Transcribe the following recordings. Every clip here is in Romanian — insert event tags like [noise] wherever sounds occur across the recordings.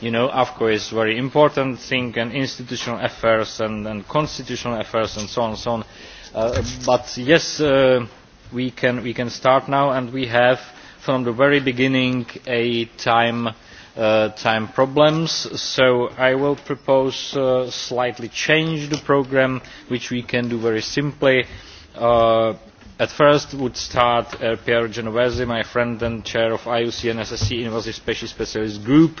you know afco is a very important thing and institutional affairs and, constitutional affairs and so on and so on uh, but yes uh, we can start now and we have from the very beginning uh, time problems so i will propose to slightly change the programme which we can do very simply at first would start Pierre Genovese, my friend and chair of IUCN SSC Invasive Species Specialist Group,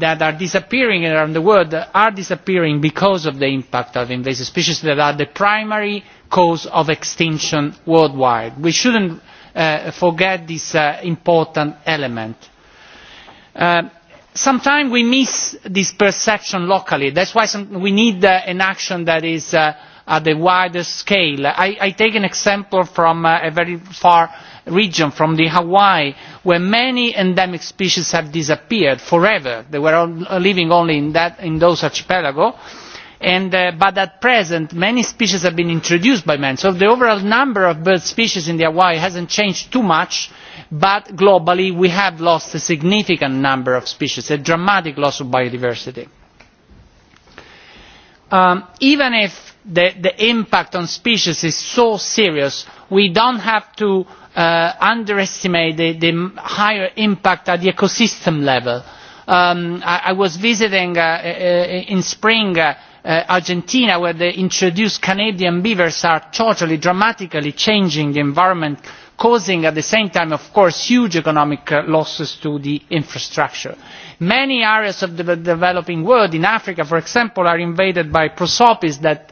that are disappearing around the world are disappearing because of the impact of invasive species that are the primary cause of extinction worldwide. We shouldn't uh, forget this uh, important element. Uh, sometimes we miss this perception locally. That's why some, we need uh, an action that is uh, at a wider scale. I, I take an example from uh, a very far region from the hawaii where many endemic species have disappeared forever they were uh, living only in, that, in those archipelagos and, uh, but at present many species have been introduced by man so the overall number of bird species in the hawaii has not changed too much but globally we have lost a significant number of species a dramatic loss of biodiversity. Um, even if the, the impact on species is so serious we do not have to Uh, underestimate the, the higher impact at the ecosystem level. Um, I, I was visiting uh, uh, uh in spring uh, argentina where the introduced canadian beavers are totally dramatically changing the environment causing at the same time of course huge economic losses to the infrastructure. many areas of the developing world in africa for example are invaded by prosopis that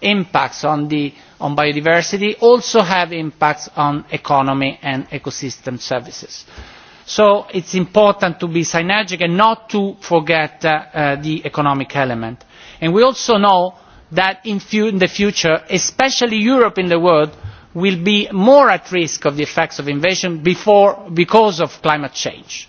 impacts on, the, on biodiversity also have impacts on economy and ecosystem services. so it is important to be synergic and not to forget uh, uh, the economic element. And we also know that in, in the future especially europe in the world will be more at risk of the effects of invasion before, because of climate change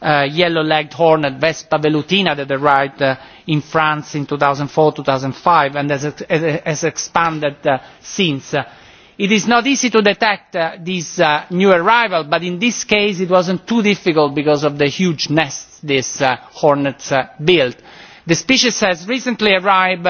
Uh, yellow-legged hornet Vespa velutina that arrived uh, in France in 2004, 2005 and has, has expanded uh, since. It is not easy to detect this new arrival, but in this case it wasn't too difficult because of the huge nests these hornets build. built. The species has recently arrived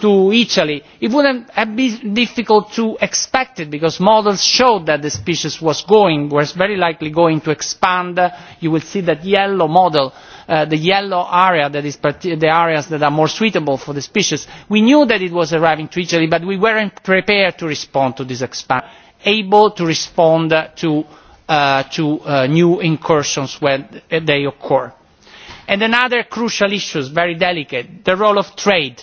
to Italy, it wouldn't have been difficult to expect it because models showed that the species was going, was very likely going to expand. You will see that yellow model, uh, the yellow area that is the areas that are more suitable for the species. We knew that it was arriving to Italy, but we weren't prepared to respond to this expansion, able to respond to, uh, to uh, new incursions when they occur. And another crucial issue, very delicate, the role of trade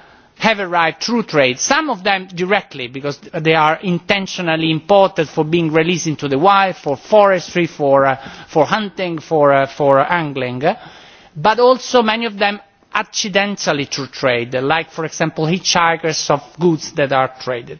have arrived through trade some of them directly because they are intentionally imported for being released into the wild for forestry for, uh, hunting for, uh, for angling but also many of them accidentally through trade like for example hitchhikers of goods that are traded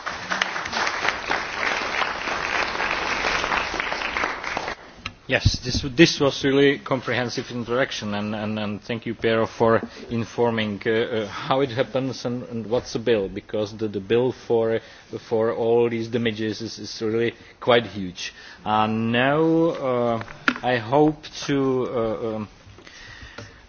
Yes, this, was was really comprehensive introduction, and, thank you, Piero, for informing uh, uh, how it happens and, what what's the bill, because the, bill for, all these damages is, really quite huge. now uh, I hope to. Um,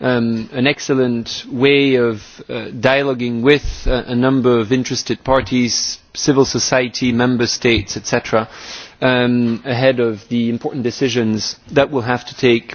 um, an excellent way of uh, dialoguing with a, uh, a number of interested parties, civil society, member states, etc., um, ahead of the important decisions that we'll have to take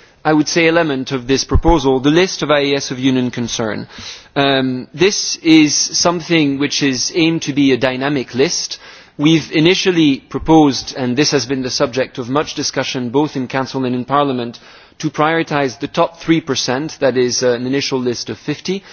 I would say, element of this proposal, the list of IAS of union concern. Um, this is something which is aimed to be a dynamic list. We've initially proposed, and this has been the subject of much discussion both in Council and in Parliament, to prioritise the top 3%, that is uh, an initial list of 50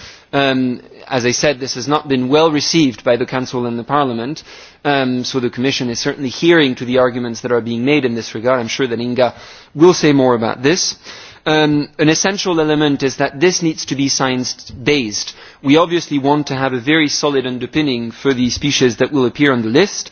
as I said, this has not been well received by the Council and the Parliament, um, so the Commission is certainly hearing to the arguments that are being made in this regard. I'm sure that Inga will say more about this. Um, an essential element is that this needs to be science-based. We obviously want to have a very solid underpinning for the species that will appear on the list,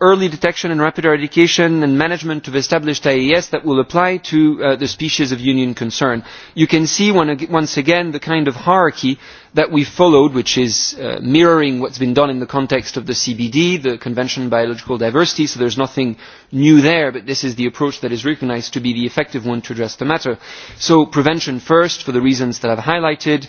early detection and rapid eradication and management of established AES that will apply to uh, the species of union concern. you can see once again the kind of hierarchy that we followed which is uh, mirroring what has been done in the context of the cbd the convention on biological diversity so there is nothing new there but this is the approach that is recognised to be the effective one to address the matter. so prevention first for the reasons that i have highlighted;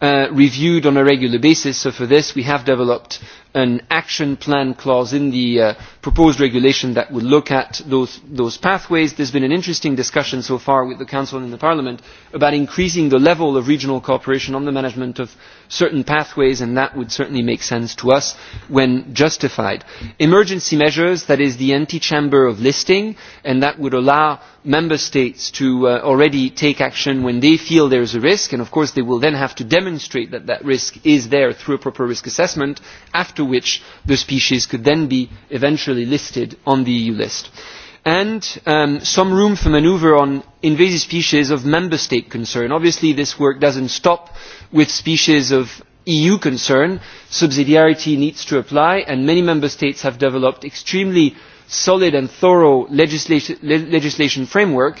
Uh, reviewed on a regular basis. So for this, we have developed an action plan clause in the uh, proposed regulation that would look at those, those pathways. There's been an interesting discussion so far with the Council and the Parliament about increasing the level of regional cooperation on the management of certain pathways and that would certainly make sense to us when justified. Emergency measures, that is the anti-chamber of listing and that would allow member states to uh, already take action when they feel there is a risk and of course they will then have to demonstrate that that risk is there through a proper risk assessment after which the species could then be eventually listed on the EU list and um, some room for manoeuvre on invasive species of member state concern. obviously this work does not stop with species of eu concern. subsidiarity needs to apply and many member states have developed extremely solid and thorough legislation frameworks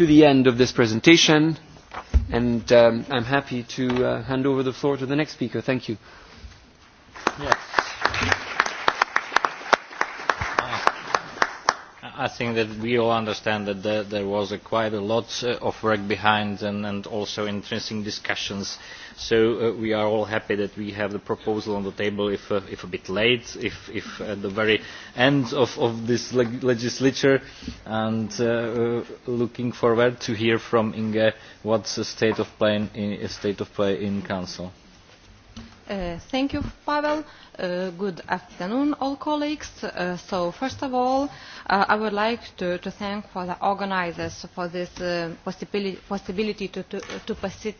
to the end of this presentation, and um, I'm happy to uh, hand over the floor to the next speaker. Thank you. Yes. I think that we all understand that there, there was a quite a lot uh, of work behind and, and also interesting discussions so uh, we are all happy that we have the proposal on the table if, uh, a bit late if, at the very end of, this legislature and uh, looking forward to hear from inge what the state of play in, state of play in council. Uh, thank you, Pavel. Uh, good afternoon, all colleagues. Uh, so, first of all, uh, I would like to, to thank for the organizers for this uh, possibility, possibility to, to, to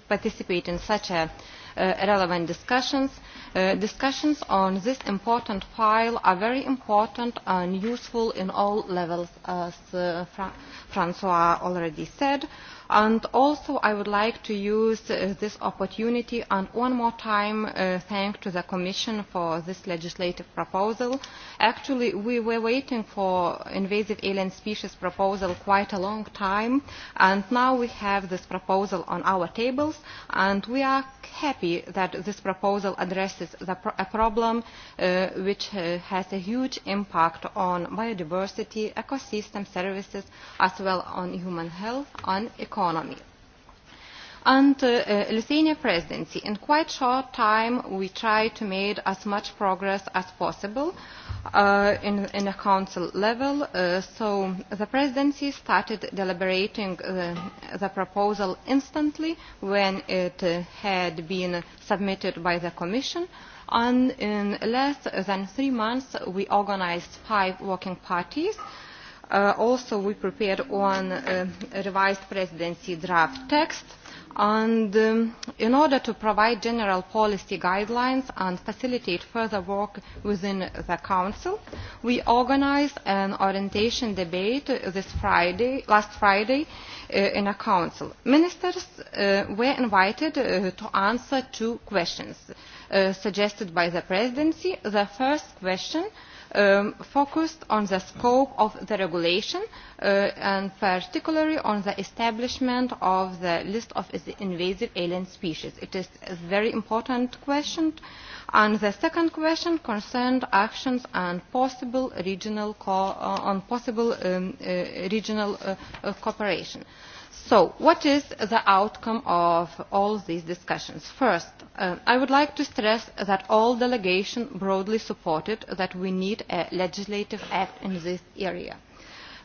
participate in such a Uh, relevant discussions. Uh, discussions on this important file are very important and useful in all levels, as uh, Fra Francois already said. Uh, And also I would like to use uh, this opportunity and one more time uh, thank to the Commission for this legislative proposal. Actually, we were waiting for invasive alien species proposal quite a long time, and now we have this proposal on our tables, and we are happy that this proposal addresses the pro a problem uh, which uh, has a huge impact on biodiversity, ecosystem services, as well on human health and economy economy. And uh, uh Lithuania presidency, in quite short time, we tried to make as much progress as possible uh, in, in a council level. Uh, so the presidency started deliberating uh, the proposal instantly when it uh, had been submitted by the commission. And in less than three months, we organized five working parties Uh, also we prepared one uh, revised presidency draft text and um, in order to provide general policy guidelines and facilitate further work within the council we organised an orientation debate this friday, last friday uh, in a council. ministers uh, were invited uh, to answer two questions uh, suggested by the presidency. the first question um, focused on the scope of the regulation uh, and particularly on the establishment of the list of invasive alien species. it is a very important question. and the second question concerned actions and possible regional uh, on possible um, uh, regional uh, uh, cooperation. so what is the outcome of all these discussions? first Um, i would like to stress that all delegations broadly supported that we need a legislative act in this area.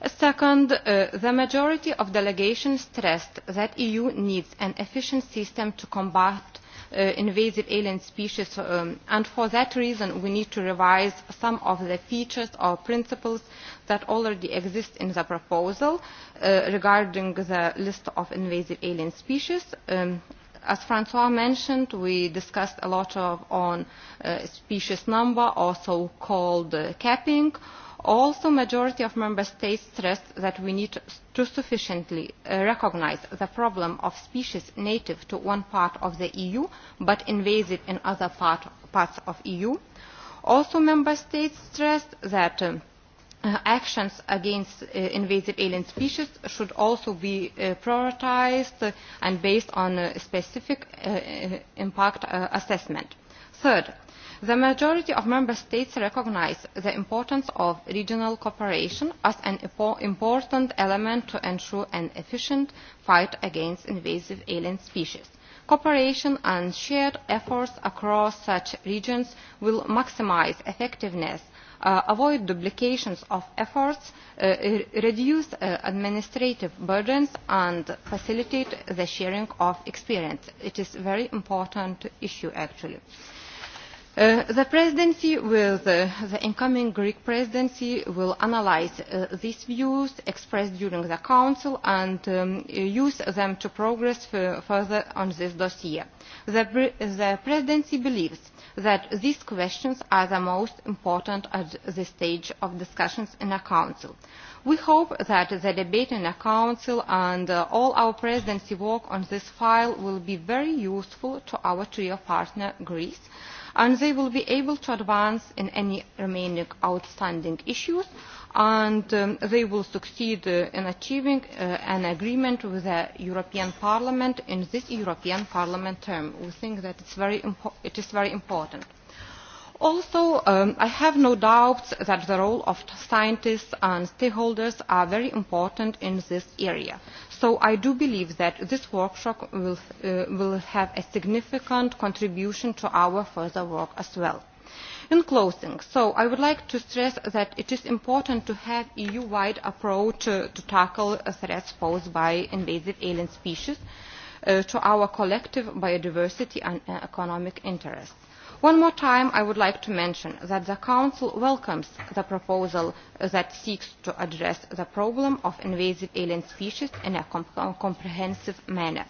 second uh, the majority of delegations stressed that the eu needs an efficient system to combat uh, invasive alien species um, and for that reason we need to revise some of the features or principles that already exist in the proposal uh, regarding the list of invasive alien species. Um, as francois mentioned we discussed a lot of, on uh, species number also called uh, capping also majority of member states stressed that we need to sufficiently uh, recognise the problem of species native to one part of the eu but invasive in other part, parts of eu also member states stressed that um, Uh, actions against uh, invasive alien species should also be uh, prioritised and based on a specific impact assessment. third the majority of member states recognise the importance of regional cooperation as an important element to ensure an efficient fight against invasive alien species. cooperation and shared efforts across such regions will maximise effectiveness Uh, avoid duplications of efforts uh, reduce uh, administrative burdens and facilitate the sharing of experience. it is a very important issue actually. Uh, the presidency with uh, the incoming greek presidency will analyse uh, these views expressed during the council and um, use them to progress further on this dossier. the, the presidency believes that these questions are the most important at this stage of discussions in the council. we hope that the debate in the council and uh, all our presidency work on this file will be very useful to our trio partner greece and they will be able to advance in any remaining outstanding issues and um, they will succeed uh, in achieving uh, an agreement with the European Parliament in this European Parliament term. We think that it is very important. Also, um, I have no doubts that the role of scientists and stakeholders are very important in this area. So I do believe that this workshop will uh, have a significant contribution to our further work as well in closing so i would like to stress that it is important to have an eu wide approach uh, to tackle uh, threats posed by invasive alien species uh, to our collective biodiversity and economic interests. one more time i would like to mention that the council welcomes the proposal that seeks to address the problem of invasive alien species in a comprehensive manner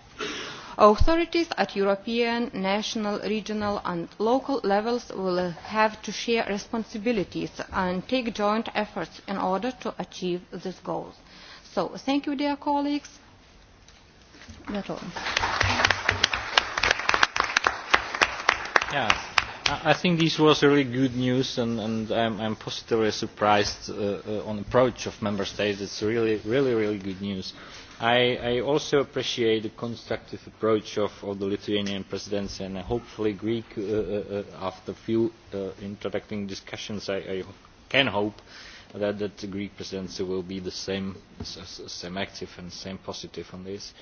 authorities at european national regional and local levels will have to share responsibilities and take joint efforts in order to achieve these goals. so thank you dear colleagues. That's all. Yeah. I think this was really good news, and, and I'm, I'm positively surprised uh, uh, on the approach of member states. It's really, really, really good news I, also appreciate the constructive approach of, the lithuanian presidency and hopefully greek uh, uh, uh, after a few uh, interacting discussions I, can hope that, the greek presidency will be the same, same active and same positive on this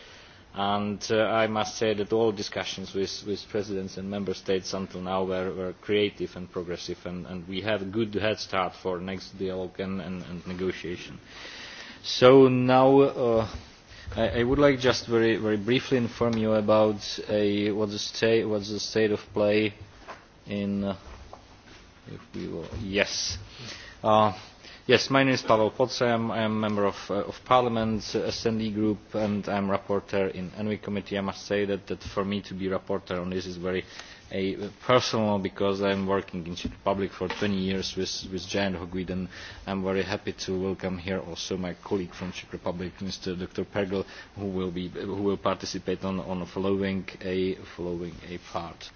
and i must say that all discussions with, presidents and member states until now were, creative and progressive and, we have a good head start for the next dialogue and negotiation. so now I, would like just very, very briefly inform you about a, what the state, what's the state of play in, uh, if we will, yes. Uh, yes, my name is Pavel Poce, I'm, am a member of, uh, of Parliament, uh, SND Group, and I'm rapporteur in ENVI Committee. I must say that, that for me to be rapporteur on this is very a personal because I am working in Czech Republic for 20 years with, Jan Hogwid and I'm very happy to welcome here also my colleague from Czech Republic, Mr. Dr. Pergel, who will, be, who will participate on, on following, a, following a part.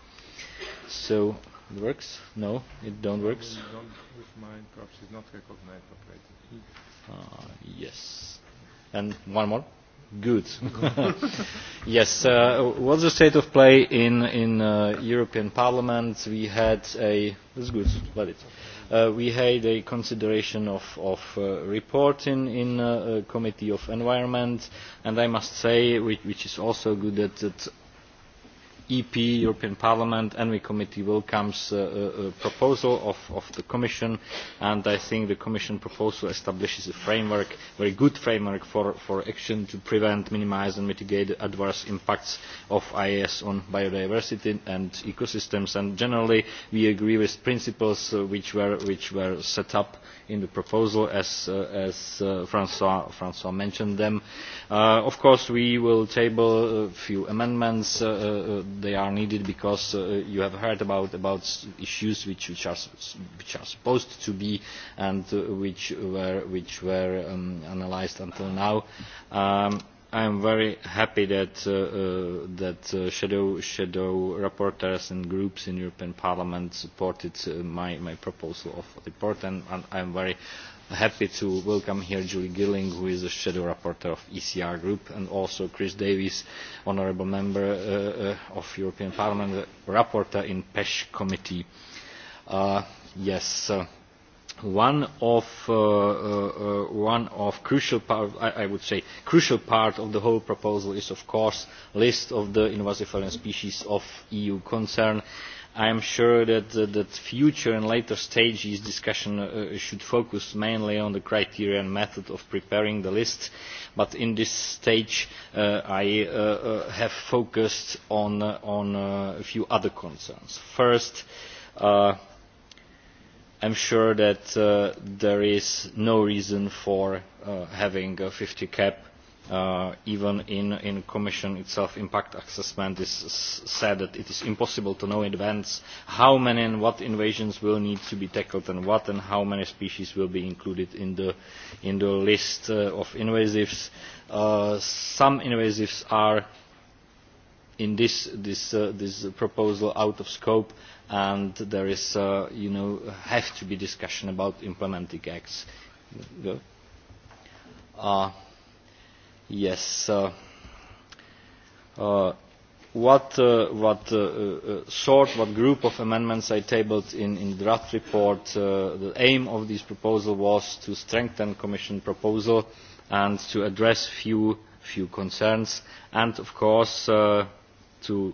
So, it works? No, it don't Uh, yes. And one more? good. [laughs] yes, uh, what's the state of play in in uh, European Parliament? We had a that's good. Let it. Uh, we had a consideration of of uh, report in in uh, committee of environment, and I must say, which, which is also good that. that ep european parliament envi committee welcomes the uh, uh, uh, proposal of, the commission and i think the commission proposal establishes a framework a very good framework for, action to prevent minimise and mitigate the adverse impacts of ias on biodiversity and ecosystems and generally we agree with principles which were, set up in the proposal as, franois mentioned them. of course, we will table a few amendments they are needed because uh, you have heard about, about issues which, which, are, which are supposed to be and uh, which were, which were um, analysed until now. Um, I am very happy that, uh, uh that uh, shadow, shadow rapporteurs and groups in European Parliament supported uh, my, my proposal of report and, and I am very happy to welcome here Julie Gilling, who is the shadow rapporteur of ECR Group, and also Chris Davies, honourable member uh, uh, of European Parliament, rapporteur in PESH committee. Uh, yes, uh, one of uh, uh, uh one of crucial part, I, I would say, crucial part of the whole proposal is, of course, list of the invasive alien species of EU concern I am sure that uh, that future and later stages discussion uh, uh, should focus mainly on the criteria and method of preparing the list. But in this stage, uh, I uh, uh, have focused on uh, on uh, a few other concerns. First. Uh, I'm sure that uh, there is no reason for uh, having a 50 cap uh, even in, in Commission itself impact assessment is said that it is impossible to know in advance how many and what invasions will need to be tackled and what and how many species will be included in the, in the list uh, of invasives. Uh, some invasives are in this, this, uh, this proposal out of scope and there is, uh, you know, have to be discussion about implementing acts. Uh, Yes. Uh, uh, what uh, what uh, uh, uh sort, what group of amendments I tabled in, in draft report, uh, the aim of this proposal was to strengthen Commission proposal and to address few, few concerns and, of course, uh, to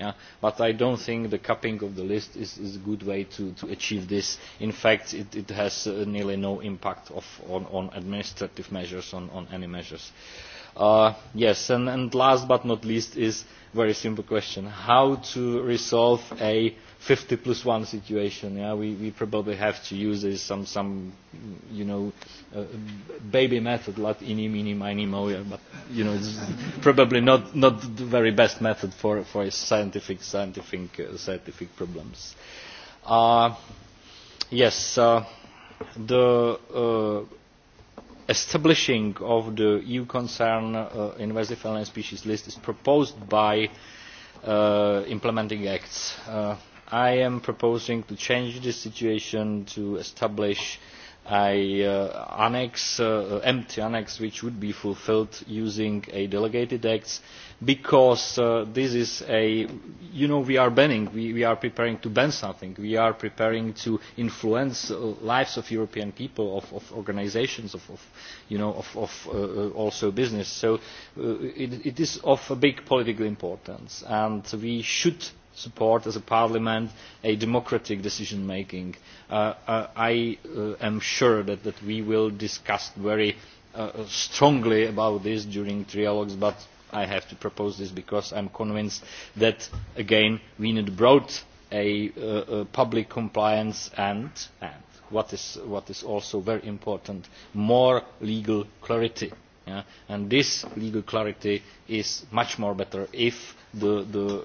Yeah? But I don't think the capping of the list is, is a good way to, to achieve this. In fact, it, it has uh, nearly no impact of, on, on administrative measures, on, on any measures. Uh, Uh, yes, and, last but not least is a very simple question. How to resolve a 50 plus one situation? we, probably have to use some, some you know, uh, baby method, like ini, mini, mini, mo, but, you know, it's probably not, not the very best method for, for scientific, scientific, uh, scientific problems. Uh, yes, uh, the... Uh, establishing of the EU concern uh, invasive alien species list is proposed by uh, implementing acts. Uh, I am proposing to change this situation to establish Uh, an uh, empty annex which would be fulfilled using a delegated act because uh, this is a, you know, we are banning, we, are preparing to ban something, we are preparing to influence the lives of European people, of, of organizations, of, of, you know, of, of uh, also business. So it, it is of a big political importance and we should support as a parliament a democratic decision making. Uh, uh, I uh, am sure that, we will discuss very strongly about this during trialogues, but I have to propose this because I am convinced that, again, we need broad a, public compliance and, and what, is, also very important, more legal clarity. And this legal clarity is much more better if the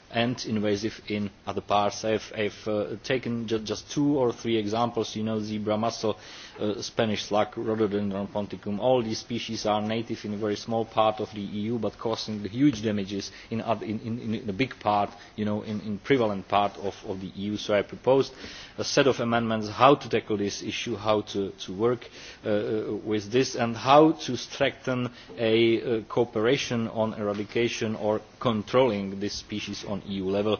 and invasive in other parts. i have uh, taken just two or three examples you know zebra mussel Uh, Spanish slug, rhododendron ponticum. All these species are native in a very small part of the EU, but causing huge damages in, other, in, in, in a big part, you know, in, in prevalent part of, of the EU. So I proposed a set of amendments how to tackle this issue, how to, to work uh, uh with this, and how to strengthen a uh, cooperation on eradication or controlling this species on EU level. Uh,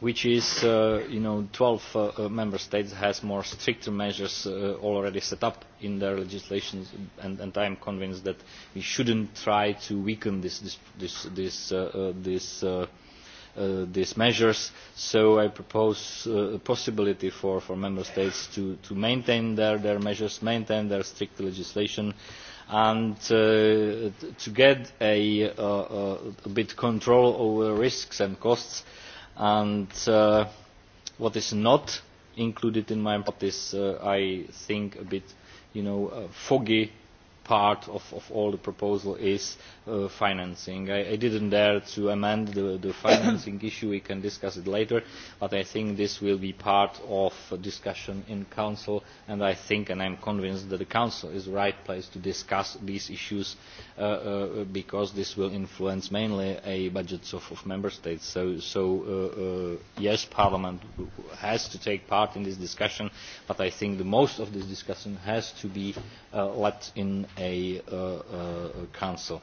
which is uh, you know 12 uh, uh, member states has more stricter measures already set up in their legislation and, I am convinced that we shouldn't try to weaken these measures, so I propose a possibility for, member states to, maintain their, measures, maintain their strict legislation, and to get a, bit of bit control over risks and costs and uh, what is not included in my report is uh, i think a bit you know a foggy part of, of all the proposal is Uh, financing. I, did didn't dare to amend the, [coughs] financing issue. We can discuss it later. But I think this will be part of the discussion in Council. And I think and I'm convinced that the Council is the right place to discuss these issues uh, uh, because this will influence mainly a budgets of, Member States. So, yes, Parliament has to take part in this discussion. But I think the most of this discussion has to be left in a council.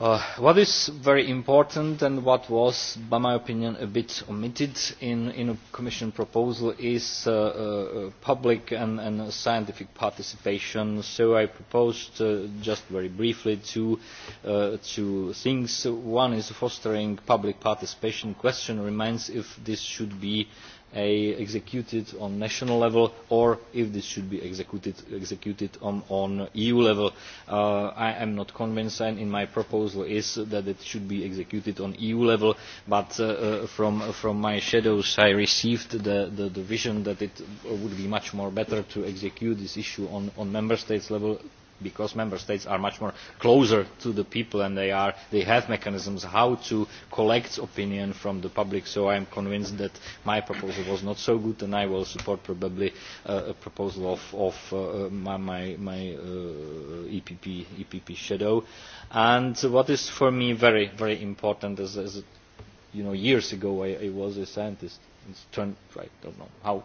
Uh, what is very important and what was, by my opinion, a bit omitted in, the Commission proposal is uh, uh, public and, scientific participation. So I proposed, just very briefly, two, two things. One is fostering public participation. The question remains if this should be a, executed on national level or if this should be executed, executed on, on EU level. Uh, I am not convinced and in my proposal is that it should be executed on EU level but uh, uh, from, from my shadows I received the, the, the vision that it would be much more better to execute this issue on, on member states level because member states are much more closer to the people and they, have mechanisms how to collect opinion from the public so i am convinced that my proposal was not so good and i will support probably uh, a proposal of, uh, uh, my, EPP, shadow and what is for me very very important is, that you know years ago I, was a scientist it turned i not know how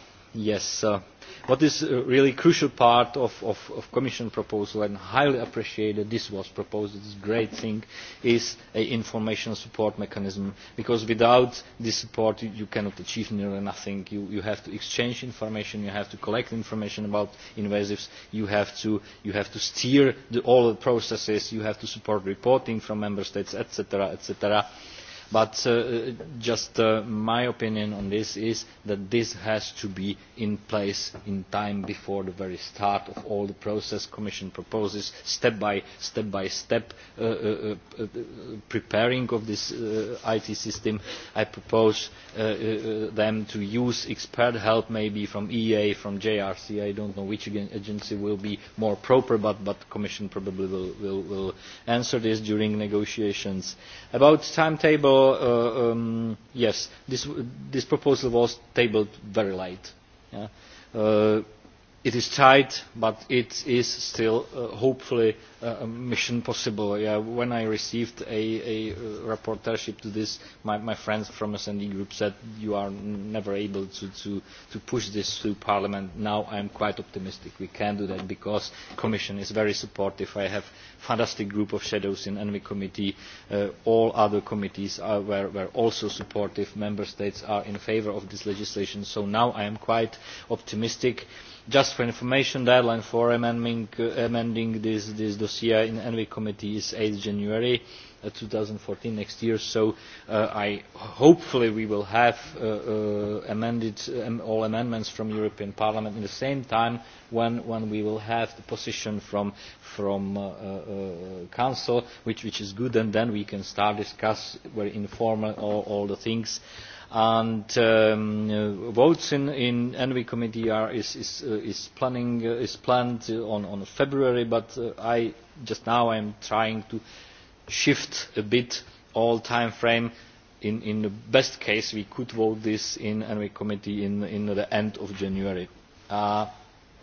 yes uh, what is a uh, really crucial part of the commission proposal and highly appreciated this was proposed this is a great thing is an information support mechanism because without this support you, cannot achieve nearly nothing. You, have to exchange information you have to collect information about invasives you have to, you have to steer all the processes you have to support reporting from member states etc. etc but uh, uh, just uh, my opinion on this is that this has to be in place in time before the very start of all the process the commission proposes step by step by step preparing of this it system i propose them to use expert help maybe from eea from jrc i do not know which agency will be more proper but, but the commission probably will, will, will answer this during negotiations. about the timetable Uh, um, yes this, this proposal was tabled very late. Yeah? Uh, it is tight but it is still uh, hopefully uh, a mission possible. when i received a, uh, rapporteurship to this my, friends from the d group said you are never able to, push this through parliament. now i am quite optimistic we can do that because the commission is very supportive. i have a fantastic group of shadows in the envi committee. all other committees were, also supportive. member states are in favour of this legislation so now i am quite optimistic just for information the deadline for amending, uh, this, dossier in the envi committee is eight january uh, two thousand and fourteen next year so uh, I, hopefully we will have amended um, all amendments from the european parliament at the same time when, we will have the position from the council which, is good and then we can start discussing very informally all, the things and um, uh, votes in in envi committee are is is uh, is planning uh, is planned on on february but uh, i just now i'm trying to shift a bit all time frame in in the best case we could vote this in envi committee in in the end of january uh,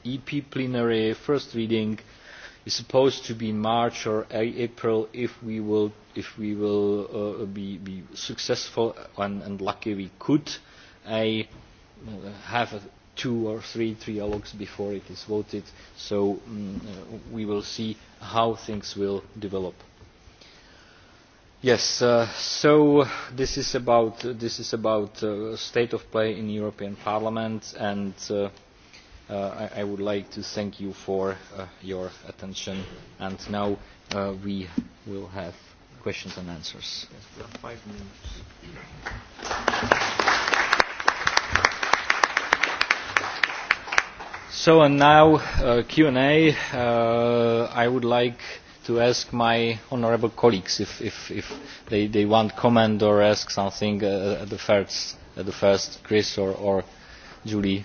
ep plenary first reading is supposed to be in March or April if we will, if we will uh, be, be successful and, and lucky we could I have a two or three trialogues before it is voted so um, uh, we will see how things will develop. Yes, uh, so this is about, this is about uh, state of play in European Parliament and uh, uh, I, I would like to thank you for uh, your attention. And now uh, we will have questions and answers. Yes, we have five minutes. So and now uh, Q&A. Uh, I would like to ask my honourable colleagues if, if, if they, they want comment or ask something uh, at the first, at the first Chris or, or Julie.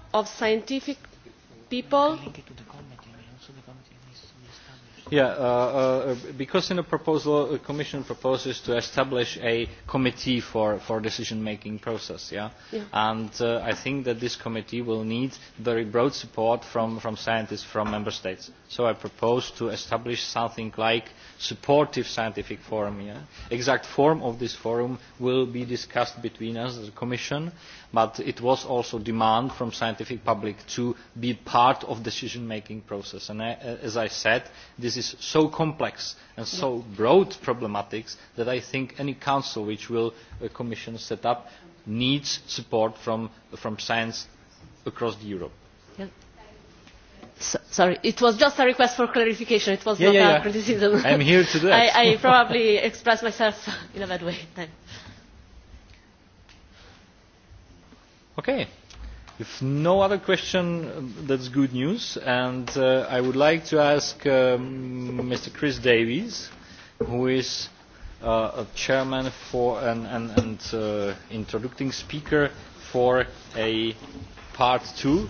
of scientific people Uh, uh, because in the proposal, the Commission proposes to establish a committee for for decision-making process. Yeah, and uh, I think that this committee will need very broad support from from scientists from member states. So I propose to establish something like supportive scientific forum. Yeah, exact form of this forum will be discussed between us, the Commission, but it was also demand from scientific public to be part of decision-making process. And as I said, this is so complex and so broad problematic that i think any council which will, the uh, commission will set up needs support from, from science across europe. sorry, it was just a request for clarification. It was yeah, not yeah, a yeah. criticism. I'm here to do that. [laughs] I, I probably expressed myself in a bad way then. Okay. If no other question, um, that's good news. And uh, I would like to ask um, Mr. Chris Davies, who is uh, a chairman for and, and uh, introducing speaker for a part two.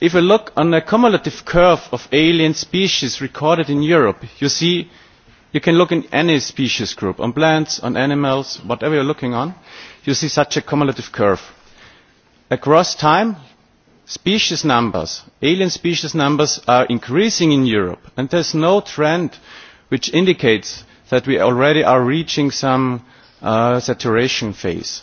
if you look on the cumulative curve of alien species recorded in europe you see you can look in any species group on plants on animals whatever you're looking on you see such a cumulative curve across time species numbers alien species numbers are increasing in europe and there's no trend which indicates that we already are reaching some uh, saturation phase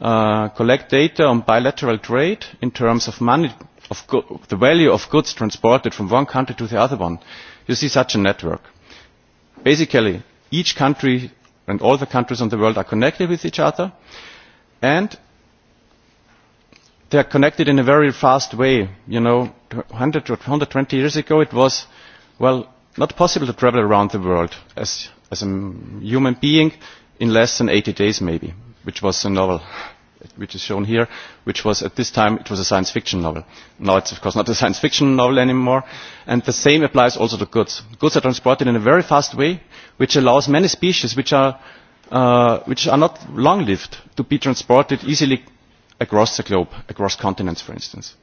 uh, collect data on bilateral trade in terms of money, of the value of goods transported from one country to the other one. You see such a network. Basically, each country and all the countries in the world are connected with each other, and they are connected in a very fast way. You know, 100 or 120 years ago, it was, well, not possible to travel around the world as, as a human being in less than 80 days, maybe which was a novel which is shown here, which was at this time it was a science fiction novel. Now it's of course not a science fiction novel anymore. And the same applies also to goods. Goods are transported in a very fast way, which allows many species which are, uh, which are not long-lived to be transported easily across the globe, across continents, for instance.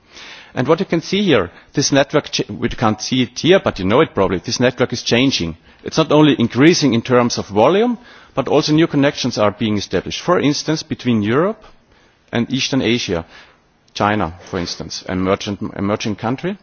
And what you can see here, this network, we can't see it here, but you know it probably, this network is changing. It's not only increasing in terms of volume, but also new connections are being established for instance between europe and eastern asia china for instance an emerging, country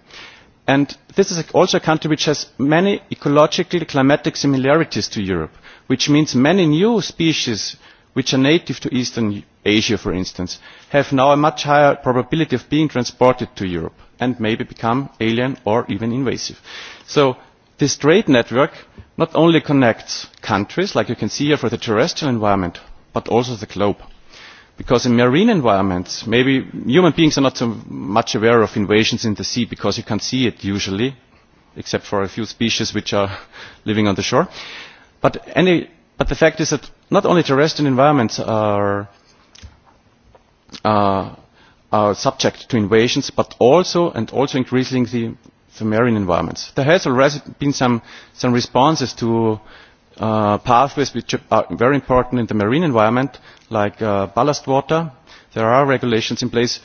and this is also a country which has many ecological climatic similarities to europe which means many new species which are native to eastern asia for instance have now a much higher probability of being transported to europe and maybe become alien or even invasive. so this trade network not only connects countries like you can see here for the terrestrial environment but also the globe because in marine environments maybe human beings are not so much aware of invasions in the sea because you can't see it usually except for a few species which are [laughs] living on the shore but any but the fact is that not only terrestrial environments are uh, are subject to invasions but also and also increasingly the marine environments. There has already been some, some responses to uh, pathways which are very important in the marine environment, like uh, ballast water. There are regulations in place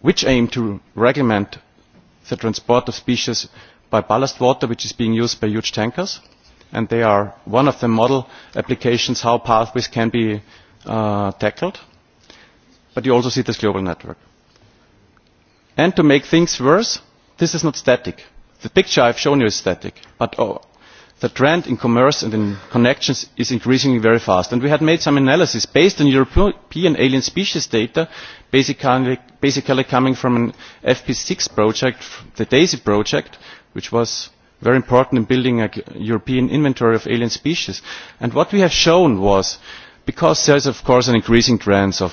which aim to regulate the transport of species by ballast water, which is being used by huge tankers. And they are one of the model applications how pathways can be uh, tackled. But you also see this global network. And to make things worse, this is not static. the picture i have shown you is static but oh, the trend in commerce and in connections is increasing very fast and we had made some analysis based on european alien species data basically, basically coming from an fp six project the daisy project which was very important in building a european inventory of alien species and what we have shown was because there is of course an increasing trend of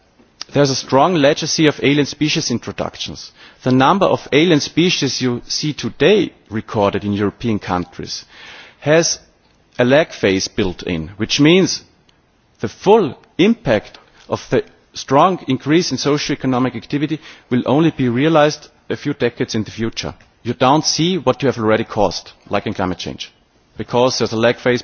there's a strong legacy of alien species introductions. The number of alien species you see today recorded in European countries has a lag phase built in, which means the full impact of the strong increase in socio-economic activity will only be realized a few decades in the future. You don't see what you have already caused, like in climate change, because there's a lag phase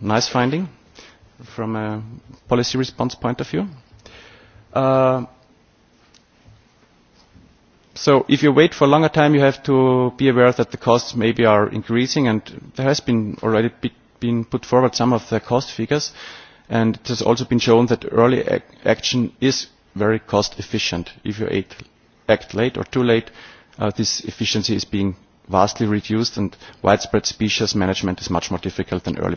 nice finding from a policy response point of view. Uh, so if you wait for a longer time, you have to be aware that the costs maybe are increasing, and there has been already be, been put forward some of the cost figures, and it has also been shown that early ac action is very cost efficient. If you act, act late or too late, uh, this efficiency is being vastly reduced, and widespread species management is much more difficult than early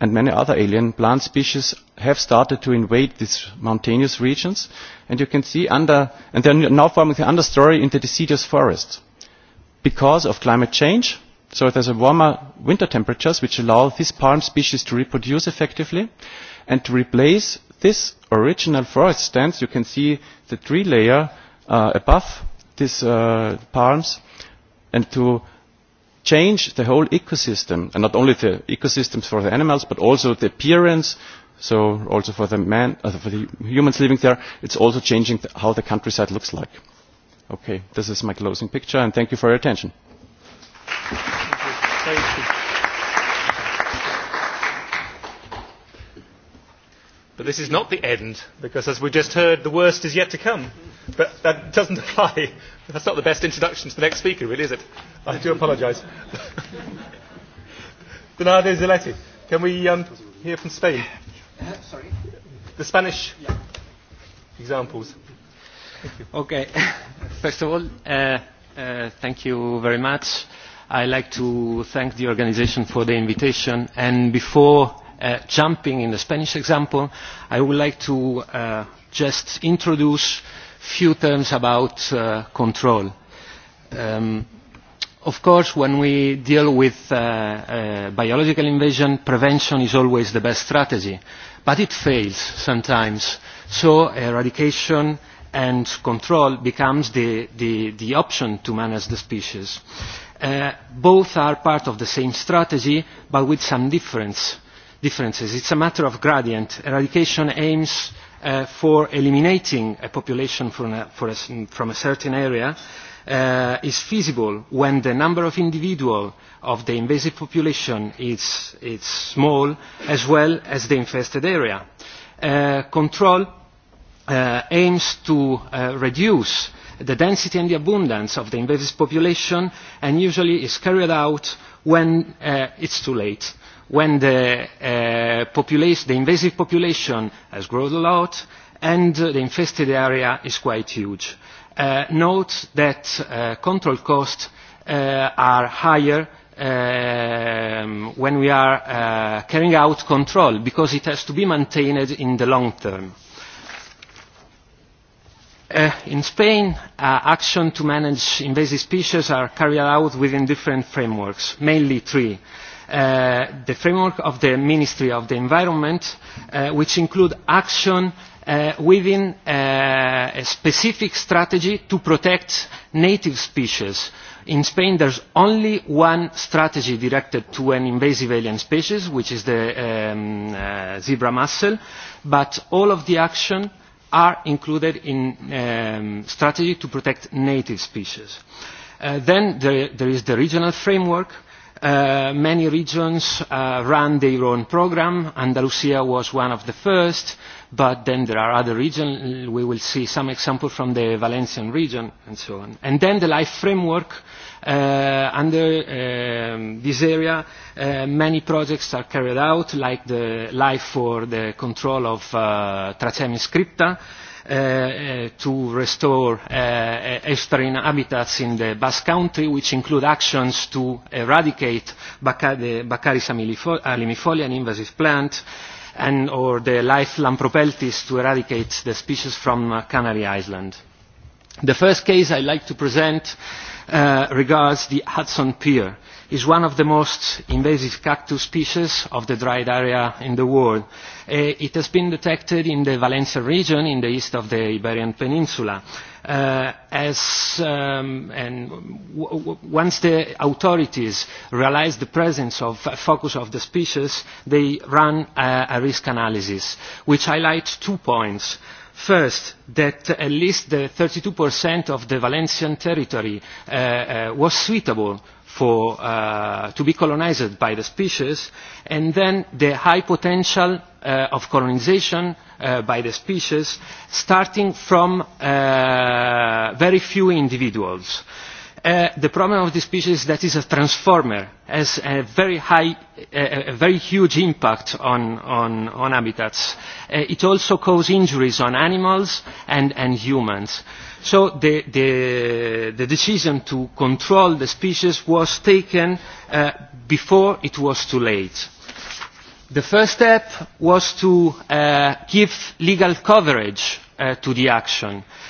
and many other alien plant species have started to invade these mountainous regions and you can see under and they are now forming the understory in the deciduous forests because of climate change so there's a warmer winter temperatures which allow this palm species to reproduce effectively and to replace this original forest stands you can see the tree layer uh, above these uh, palms and to change the whole ecosystem, and not only the ecosystems for the animals, but also the appearance, so also for the, man, uh, for the humans living there, it's also changing the, how the countryside looks like. Okay, this is my closing picture, and thank you for your attention. Thank you. Thank you. But this is not the end, because as we just heard, the worst is yet to come. But that doesn't [laughs] apply. That's not the best introduction to the next speaker, really, is it? I do apologise. [laughs] Bernardo Zeletti, can we um, hear from Spain? Uh, sorry? The Spanish yeah. examples. Okay. [laughs] First of all, uh, uh, thank you very much. I'd like to thank the organization for the invitation. And before uh, jumping in the Spanish example, I would like to uh, just introduce uh, few terms about uh, control. Um, of course, when we deal with uh, uh, biological invasion, prevention is always the best strategy, but it fails sometimes. So eradication and control becomes the, the, the option to manage the species. Uh, both are part of the same strategy, but with some difference, differences. It's a matter of gradient. Eradication aims Uh, for eliminating a population from a, certain area uh, is feasible when the number of individuals of the invasive population is, small as well as the infested area. Uh, control aims to reduce the density and the abundance of the invasive population and usually is carried out when it it's too late when the, uh, population, the invasive population has grown a lot and uh, the infested area is quite huge. Uh, note that uh, control costs uh, are higher um, when we are uh, carrying out control because it has to be maintained in the long term. Uh, in Spain, uh, action to manage invasive species are carried out within different frameworks, mainly three. Uh, the framework of the Ministry of the Environment, uh, which include action uh, within a specific strategy to protect native species. In Spain, there is only one strategy directed to an invasive alien species, which is the um, zebra mussel, but all of the action are included in a um, strategy to protect native species. then there, is the regional framework, Uh, many regions uh, run their own program. Andalusia was one of the first, but then there are other regions. We will see some examples from the Valencian region and so on. And then the life framework. Uh, under um, this area, uh, many projects are carried out, like the Life for the Control of uh, Tracemi Scripta, Eh, eh, to restore uh, eh, estuarine habitats in the Basque Country, which include actions to eradicate the Baccharis alimifolia, an invasive plant, and or the life Lampropeltis to eradicate the species from uh, Canary Island. The first case I'd like to present uh, regards the Hudson Pier is one of the most invasive cactus species of the dried area in the world. Uh, it has been detected in the Valencia region in the east of the Iberian Peninsula. Uh, as, um, and w w once the authorities realize the presence of a uh, focus of the species, they run a, a risk analysis, which highlights two points first that at least the 32% of the valencian territory uh, uh, was suitable for, uh, to be colonized by the species, and then the high potential uh, of colonization uh, by the species, starting from uh, very few individuals. Uh, the problem of this species is that it's a transformer, has a very high, a, a very huge impact on, on, on habitats. Uh, it also causes injuries on animals and, and humans. Uh, So the, the, the decision to control the species was taken uh, before it was too late. The first step was to uh, give legal coverage uh, to the action. Uh,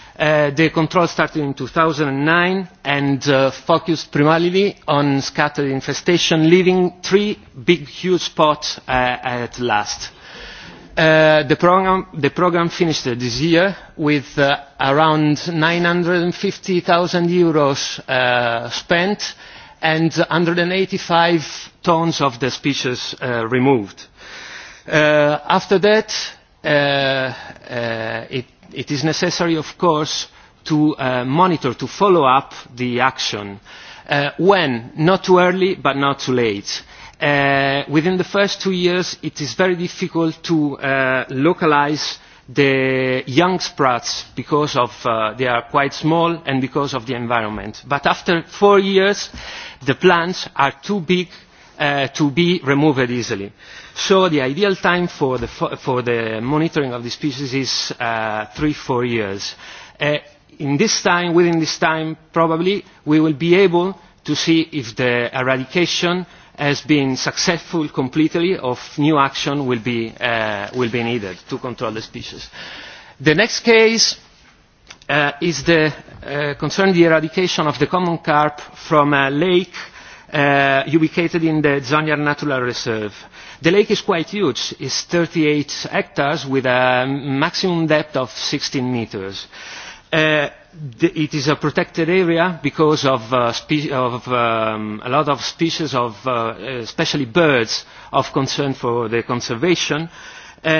Uh, the control started in 2009 and and uh, focused primarily on scattered infestation, leaving three big, huge spots uh, at last. the, program, finished this year with nine around 950,000 euros zero spent and 185 tons of the species removed. after that, it it is necessary of course to uh, monitor to follow up the action uh, when not too early but not too late. Uh, within the first two years it is very difficult to uh, localize the young sprouts because of, uh, they are quite small and because of the environment. But after four years the plants are too big uh, to be removed easily. So the ideal time for the, for the monitoring of the species is uh, three, four years. Uh, in this time, within this time, probably, we will be able to see if the eradication has been successful completely or new action will be, uh, will be needed to control the species. The next case uh, is the, uh, concerning the eradication of the common carp from a lake uh, uh, ubicated in the Zonyar Natural Reserve. The lake is quite huge. It's 38 hectares with a maximum depth of 16 meters. Uh, the, it is a protected area because of, uh, of um, a lot of species of, uh, especially birds, of concern for the conservation. Um,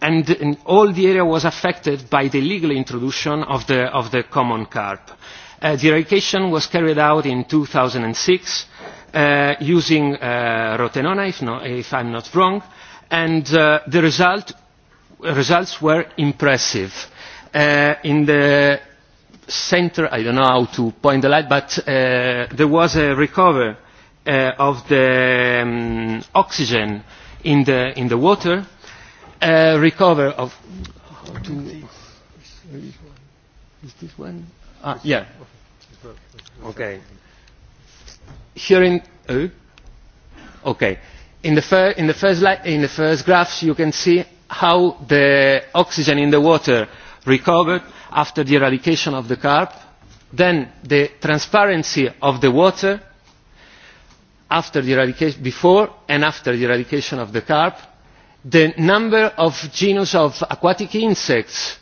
and, and all the area was affected by the illegal introduction of the, of the common carp. Uh, Uh, the eradication was carried out in 2006 uh, using uh, rotenona, if, no, if I'm not wrong, and uh, the result, results were impressive. Uh, in the center, I don't know how to point the light, but uh, there was a recovery uh, of the um, oxygen in the, in the water, uh, recover of... How is this one? Ah, yeah Okay. Here in, oh, okay. In the, in, the first in the first graphs you can see how the oxygen in the water recovered after the eradication of the carp, then the transparency of the water after the eradication, before and after the eradication of the carp, the number of genus of aquatic insects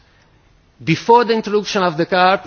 before the introduction of the carp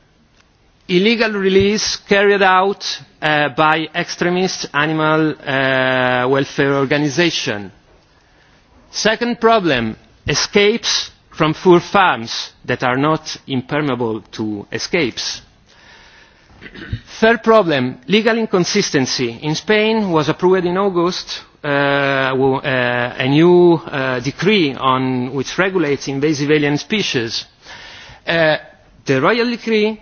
illegal release carried out uh, by extremist animal uh, welfare organisations. second problem escapes from fur farms that are not impermeable to escapes. third problem legal inconsistency. in spain was approved in august uh, uh a new uh, decree on, which regulates invasive alien species. Uh, the royal decree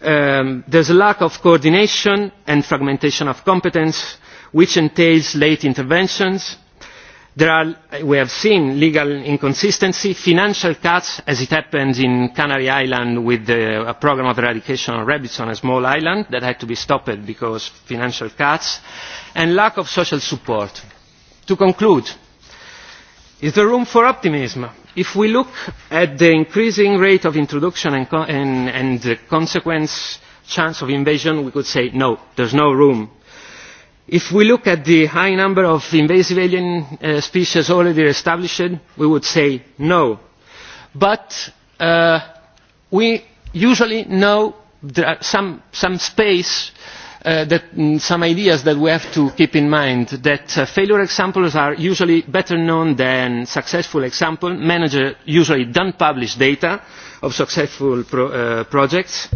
Um, there is a lack of coordination and fragmentation of competence which entails late interventions. there are we have seen legal inconsistency financial cuts as it happened in canary island with the, a programme of eradication of rabies on a small island that had to be stopped because of financial cuts and lack of social support. to conclude is there room for optimism? if we look at the increasing rate of introduction and, and, and the consequent chance of invasion we could say no there is no room. if we look at the high number of invasive alien uh, species already established we would say no but uh, we usually know there are some, some space Uh, mm, some ideas that we have to keep in mind that uh, failure examples are usually better known than successful examples. managers usually do not publish data of successful uh, projects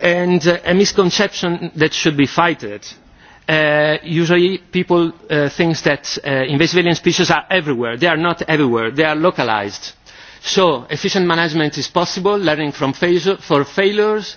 and a misconception that should be fighted. usually people think that invasive alien species are everywhere. they are not everywhere they are localised. so efficient management is possible learning from failures